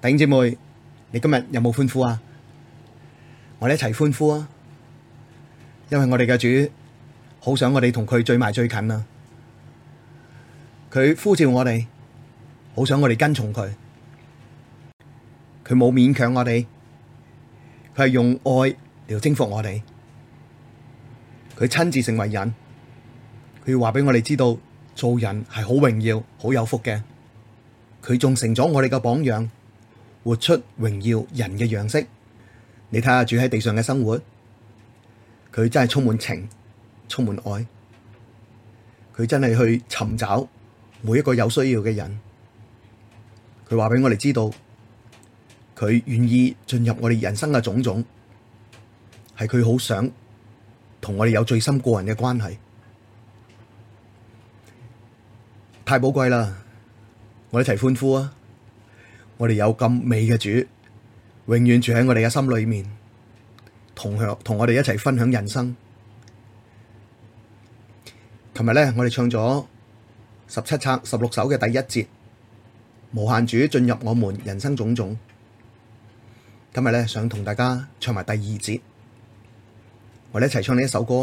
弟兄姊妹，你今日有冇歡呼啊？我哋一齊歡呼啊！因為我哋嘅主好想我哋同佢最埋最近啊。佢呼召我哋，好想我哋跟從佢。佢冇勉強我哋，佢係用愛嚟征服我哋。佢親自成為人，佢要話俾我哋知道做人係好榮耀、好有福嘅。佢仲成咗我哋嘅榜樣。活出榮耀人嘅樣式，你睇下住喺地上嘅生活，佢真係充滿情，充滿愛，佢真係去尋找每一個有需要嘅人，佢話俾我哋知道，佢願意進入我哋人生嘅種種，係佢好想同我哋有最深個人嘅關係，太寶貴啦！我哋一齊歡呼啊！我哋有咁美嘅主，永遠住喺我哋嘅心裏面，同享同我哋一齊分享人生。琴日咧，我哋唱咗十七冊十六首嘅第一節，無限主進入我們人生種種。今日咧，想同大家唱埋第二節，我哋一齊唱呢一首歌。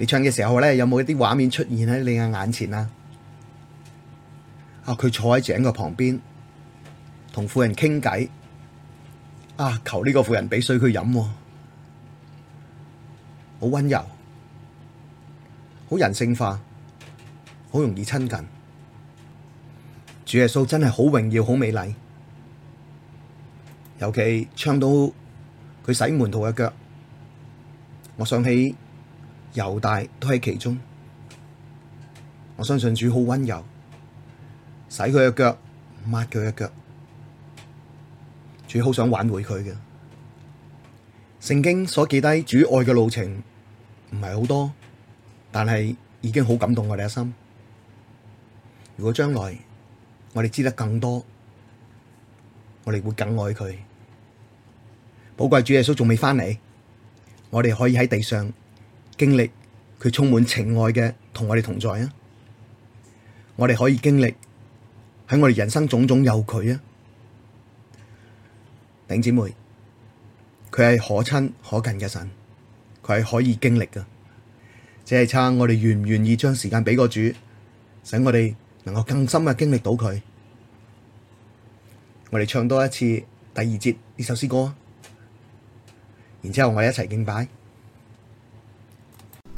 你唱嘅時候咧，有冇一啲畫面出現喺你嘅眼前啊？啊，佢坐喺井嘅旁邊，同婦人傾偈，啊，求呢個婦人俾水佢飲，好溫柔，好人性化，好容易親近。主耶穌真係好榮耀，好美麗，尤其唱到佢洗門徒嘅腳，我想起。猶大都喺其中，我相信主好溫柔，洗佢嘅腳，抹佢嘅腳，主好想挽回佢嘅。聖經所記低主愛嘅路程唔係好多，但係已經好感動我哋嘅心。如果將來我哋知得更多，我哋會更愛佢。寶貴主耶穌仲未翻嚟，我哋可以喺地上。經歷佢充滿情愛嘅同我哋同在啊！我哋可以經歷喺我哋人生種種有佢啊！頂姊妹，佢係可親可近嘅神，佢係可以經歷噶，只係差我哋願唔願意將時間俾個主，使我哋能夠更深嘅經歷到佢。我哋唱多一次第二節呢首詩歌啊，然之後我哋一齊敬拜。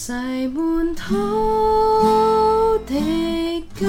洗門徒的腳。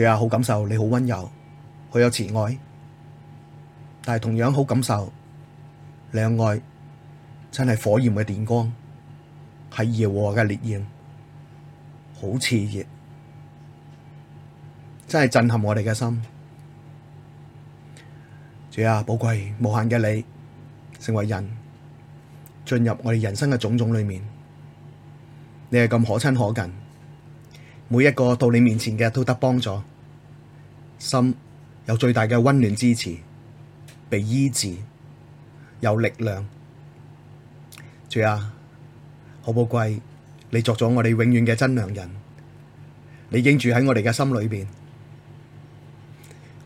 主啊，好感受，你好溫柔，好有慈愛，但係同樣好感受，你嘅愛真係火焰嘅電光，係耶和華嘅烈焰，好熾熱，真係震撼我哋嘅心。主啊，寶貴無限嘅你，成為人進入我哋人生嘅種種裏面，你係咁可親可近。每一個到你面前嘅都得幫助，心有最大嘅溫暖支持，被醫治，有力量。主啊，好寶貴，你作咗我哋永遠嘅真良人，你已經住喺我哋嘅心裏面。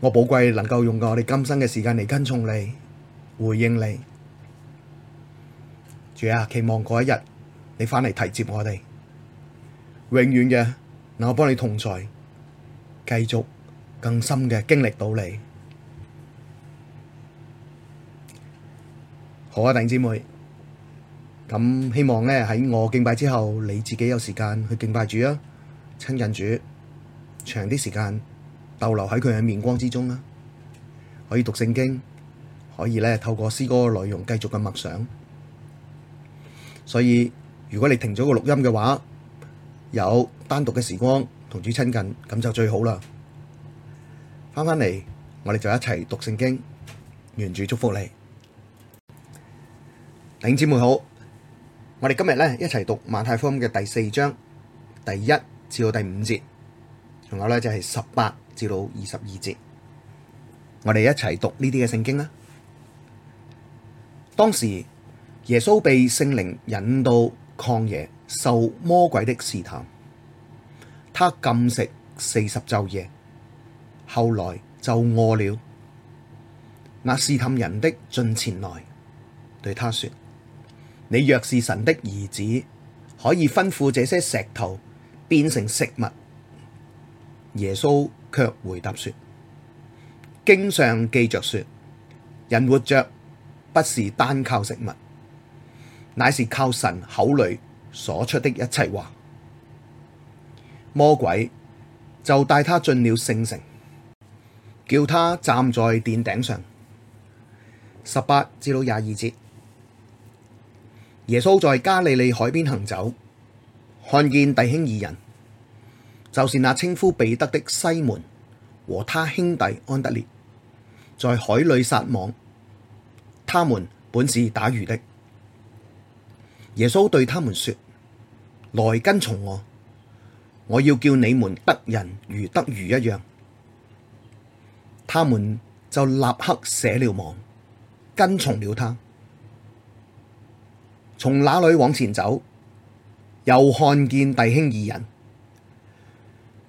我寶貴能夠用過我哋今生嘅時間嚟跟從你，回應你。主啊，期望嗰一日你翻嚟，提接我哋，永遠嘅。嗱，我幫你同在，繼續更深嘅經歷到你，好啊，弟兄姊妹。咁希望咧喺我敬拜之後，你自己有時間去敬拜主啊，親近主，長啲時間逗留喺佢嘅面光之中啊。可以讀聖經，可以咧透過詩歌嘅內容繼續咁默想。所以如果你停咗個錄音嘅話，有單獨嘅時光同主親近，咁就最好啦。翻返嚟，我哋就一齊讀聖經，願主祝福你。弟兄姊妹好，我哋今日呢，一齊讀馬太福音嘅第四章第一至到第五節，仲有呢就係十八至到二十二節，我哋一齊讀呢啲嘅聖經啦。當時耶穌被聖靈引導。曠野受魔鬼的試探，他禁食四十晝夜，後來就餓了。那試探人的進前來對他說：你若是神的兒子，可以吩咐這些石頭變成食物。耶穌卻回答說：經上記着說，人活着不是單靠食物。乃是靠神口裡所出的一切話，魔鬼就帶他進了聖城，叫他站在殿頂上。十八至到廿二節，耶穌在加利利海邊行走，看見弟兄二人，就是那稱呼彼得的西門和他兄弟安得烈，在海裡撒網，他們本是打魚的。耶穌對他們說：來跟從我，我要叫你們得人如得魚一樣。他們就立刻捨了網，跟從了他。從那裏往前走，又看見弟兄二人，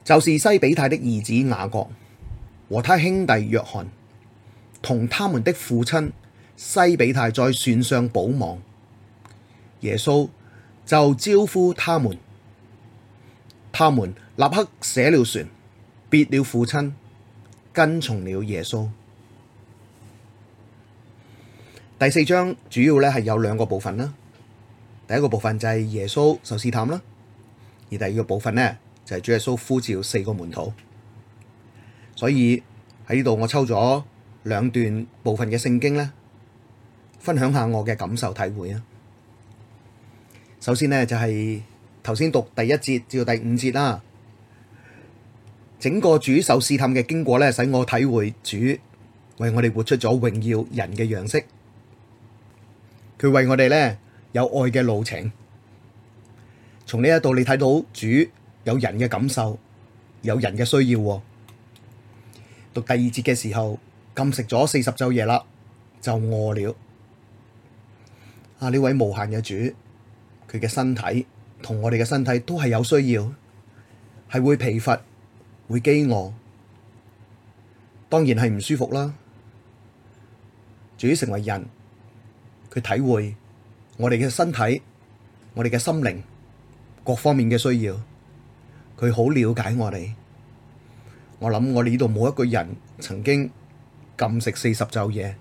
就是西庇太的兒子雅各和他兄弟約翰，同他們的父親西庇太在船上補網。耶穌就招呼他們，他們立刻捨了船，別了父親，跟從了耶穌。第四章主要咧係有兩個部分啦，第一個部分就係耶穌受試探啦，而第二個部分咧就係主耶穌呼召四個門徒。所以喺呢度我抽咗兩段部分嘅聖經咧，分享下我嘅感受體會啊。首先呢，就係頭先讀第一節至到第五節啦。整個主受試探嘅經過呢，使我體會主為我哋活出咗榮耀人嘅樣式。佢為我哋呢，有愛嘅路程。從呢一度你睇到主有人嘅感受，有人嘅需要喎。讀第二節嘅時候，禁食咗四十晝夜啦，就餓了。啊！呢位無限嘅主。佢嘅身體同我哋嘅身體都係有需要，係會疲乏、會飢餓，當然係唔舒服啦。至於成為人，佢體會我哋嘅身體、我哋嘅心靈各方面嘅需要，佢好了解我哋。我諗我呢度冇一個人曾經禁食四十晝夜，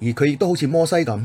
而佢亦都好似摩西咁。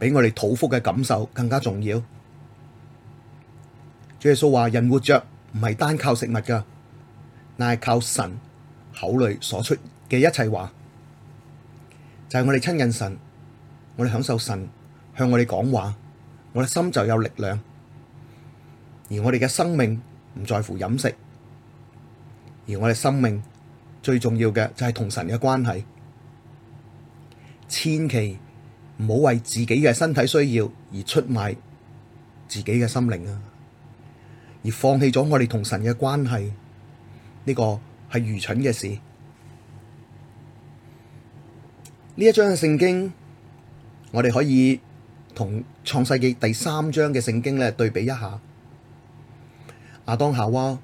俾我哋肚腹嘅感受更加重要。主耶穌話：人活着唔係單靠食物噶，乃係靠神口裏所出嘅一切話。就係我哋親近神，我哋享受神向我哋講話，我哋心就有力量。而我哋嘅生命唔在乎飲食，而我哋生命最重要嘅就係同神嘅關係。千祈。唔好為自己嘅身體需要而出賣自己嘅心靈啊！而放棄咗我哋同神嘅關係，呢個係愚蠢嘅事。呢一章嘅聖經，我哋可以同創世紀第三章嘅聖經嚟對比一下。阿當夏娃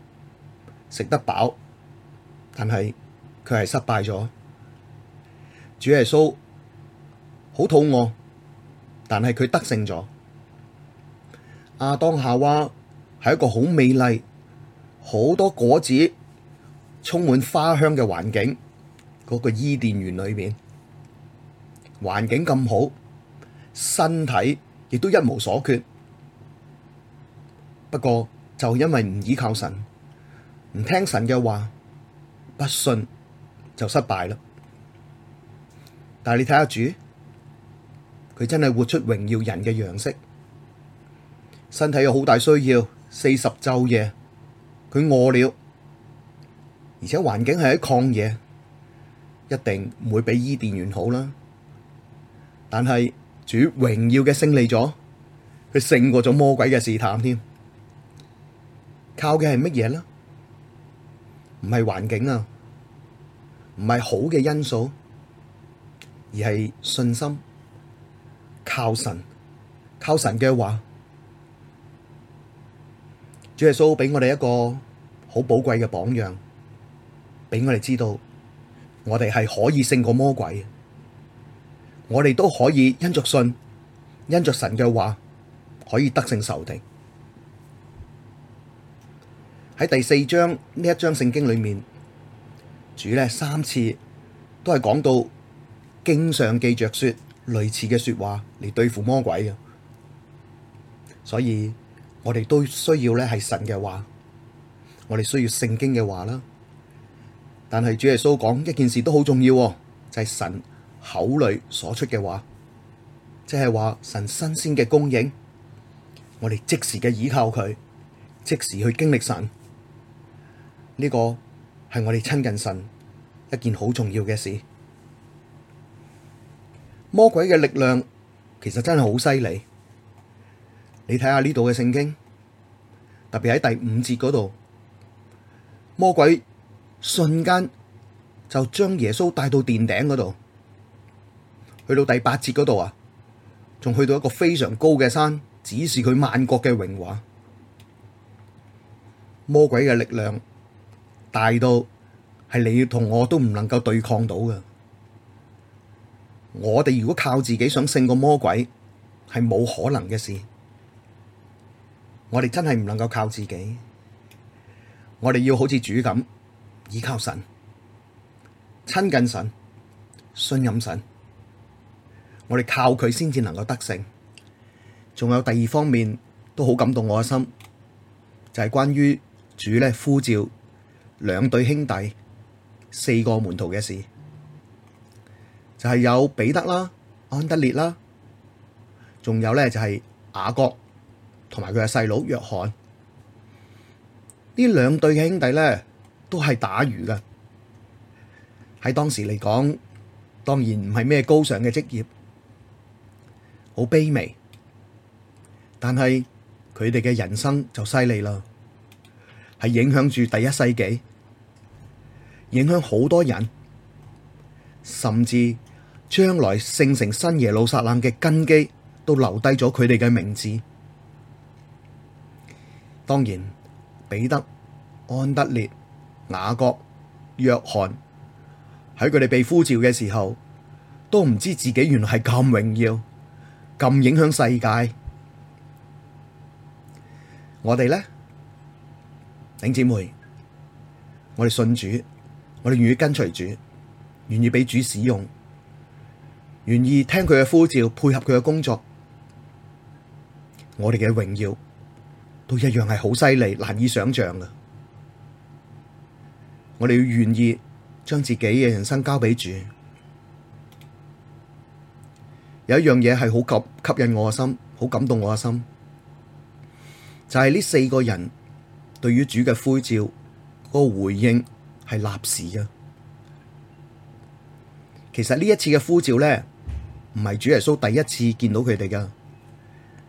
食得飽，但係佢係失敗咗。主耶穌。好肚餓，但係佢得勝咗。亞當夏娃係一個好美麗、好多果子、充滿花香嘅環境，嗰個伊甸園裏面，環境咁好，身體亦都一無所缺。不過就因為唔依靠神，唔聽神嘅話，不信就失敗啦。但係你睇下主。佢真係活出榮耀人嘅樣式，身體有好大需要，四十晝夜，佢餓了，而且環境係喺曠野，一定唔會比伊甸園好啦。但係主榮耀嘅勝利咗，佢勝過咗魔鬼嘅試探添。靠嘅係乜嘢呢？唔係環境啊，唔係好嘅因素，而係信心。靠神，靠神嘅話，主耶穌俾我哋一個好寶貴嘅榜樣，俾我哋知道，我哋係可以勝過魔鬼，我哋都可以因着信，因着神嘅話，可以得勝仇敵。喺第四章呢一章聖經裏面，主呢三次都係講到，經上記著說。類似嘅說話嚟對付魔鬼嘅，所以我哋都需要咧，係神嘅話，我哋需要聖經嘅話啦。但係主耶穌講一件事都好重要，就係神口裡所出嘅話，即係話神新鮮嘅供應，我哋即時嘅倚靠佢，即時去經歷神，呢個係我哋親近神一件好重要嘅事。魔鬼嘅力量其實真係好犀利，你睇下呢度嘅聖經，特別喺第五節嗰度，魔鬼瞬間就將耶穌帶到殿頂嗰度，去到第八節嗰度啊，仲去到一個非常高嘅山，指示佢萬國嘅榮華。魔鬼嘅力量大到係你同我都唔能夠對抗到嘅。我哋如果靠自己想勝個魔鬼，係冇可能嘅事。我哋真係唔能夠靠自己，我哋要好似主咁依靠神、親近神、信任神。我哋靠佢先至能夠得勝。仲有第二方面都好感動我嘅心，就係、是、關於主咧呼召兩對兄弟、四個門徒嘅事。就係有彼得啦、安德烈啦，仲有咧就係雅各同埋佢嘅細佬約翰，呢兩對嘅兄弟咧都係打魚嘅，喺當時嚟講當然唔係咩高尚嘅職業，好卑微，但係佢哋嘅人生就犀利啦，係影響住第一世紀，影響好多人，甚至，將來聖城新耶路撒冷嘅根基，都留低咗佢哋嘅名字。當然，彼得、安德烈、雅各、約翰喺佢哋被呼召嘅時候，都唔知自己原來係咁榮耀、咁影響世界。我哋咧，弟兄姊妹，我哋信主，我哋願意跟隨主，願意俾主使用。願意聽佢嘅呼召，配合佢嘅工作，我哋嘅榮耀都一樣係好犀利，難以想象嘅。我哋要願意將自己嘅人生交俾主。有一樣嘢係好吸吸引我嘅心，好感動我嘅心，就係呢四個人對於主嘅呼召，個回應係立時嘅。其實呢一次嘅呼召咧。唔係主耶穌第一次見到佢哋噶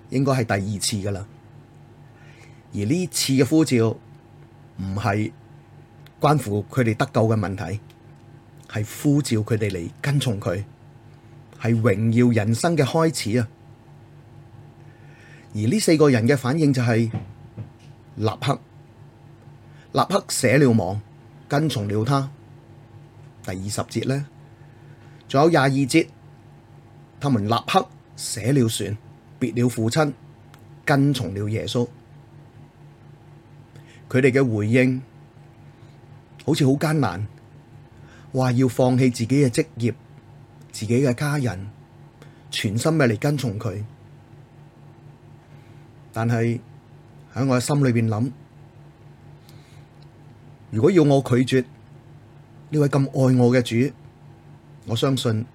應該係第二次噶啦而呢次嘅呼召唔係關乎佢哋得救嘅問題，係呼召佢哋嚟跟從佢，係榮耀人生嘅開始啊！而呢四個人嘅反應就係立刻、立刻捨了網，跟從了他。第二十節呢，仲有廿二節。他們立刻捨了船，別了父親，跟從了耶穌。佢哋嘅回應好似好艱難，話要放棄自己嘅職業、自己嘅家人，全心嘅嚟跟從佢。但係喺我嘅心裏邊諗，如果要我拒絕呢位咁愛我嘅主，我相信。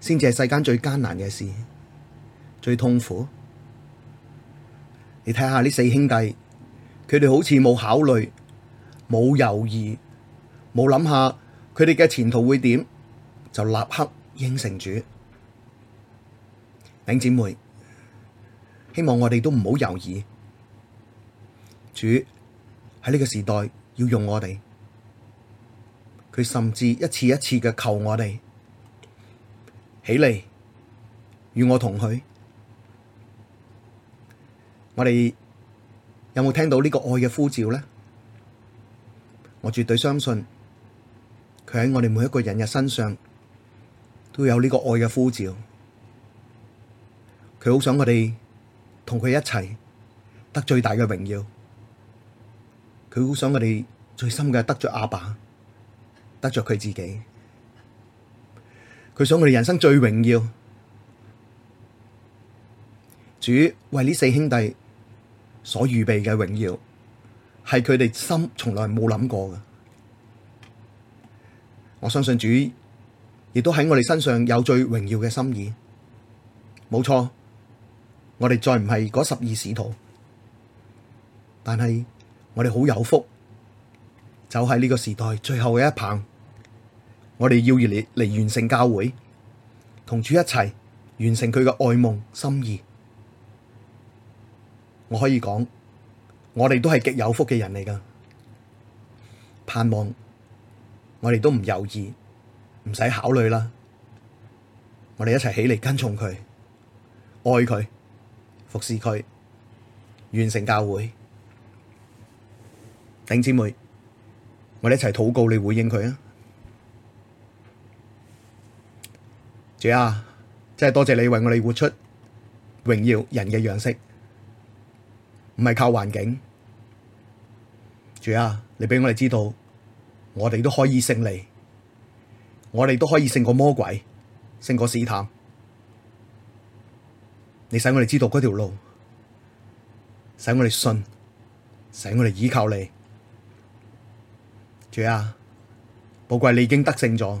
先至係世間最艱難嘅事，最痛苦。你睇下呢四兄弟，佢哋好似冇考慮、冇猶豫、冇諗下佢哋嘅前途會點，就立刻應承主。領姊妹，希望我哋都唔好猶豫。主喺呢個時代要用我哋，佢甚至一次一次嘅求我哋。起嚟，與我同佢。我哋有冇聽到呢個愛嘅呼召呢？我絕對相信佢喺我哋每一個人嘅身上都有呢個愛嘅呼召。佢好想我哋同佢一齊得最大嘅榮耀。佢好想我哋最深嘅得着阿爸，得着佢自己。佢想我哋人生最榮耀，主為呢四兄弟所預備嘅榮耀，係佢哋心從來冇諗過嘅。我相信主亦都喺我哋身上有最榮耀嘅心意。冇錯，我哋再唔係嗰十二使徒，但係我哋好有福，就喺呢個時代最後嘅一棒。我哋要嚟嚟完成教會，同主一齊完成佢嘅愛夢心意。我可以講，我哋都係極有福嘅人嚟噶。盼望我哋都唔猶豫，唔使考慮啦。我哋一齊起嚟跟從佢，愛佢，服侍佢，完成教會。頂姊妹，我哋一齊禱告，你回應佢啊！主啊，真係多謝你為我哋活出榮耀人嘅樣式，唔係靠環境。主啊，你俾我哋知道，我哋都可以勝利，我哋都可以勝過魔鬼，勝過試探。你使我哋知道嗰條路，使我哋信，使我哋依靠你。主啊，寶貴你已經得勝咗。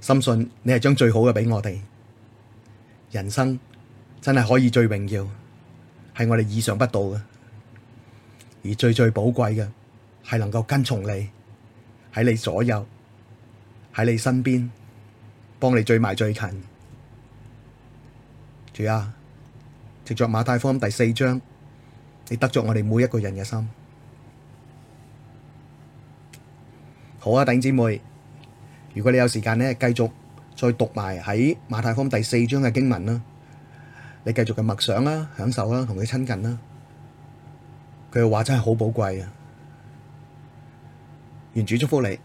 深信你係將最好嘅俾我哋。人生真係可以最榮耀，係我哋意想不到嘅，而最最寶貴嘅係能夠跟從你喺你左右，喺你身邊，幫你最埋最近。主啊，藉着馬太福音第四章，你得咗我哋每一個人嘅心。好啊，頂姊妹。如果你有時間咧，繼續再讀埋喺馬太福音第四章嘅經文啦，你繼續嘅默想啦、啊、享受啦、同佢親近啦，佢嘅話真係好寶貴啊！願、啊啊、主祝福你。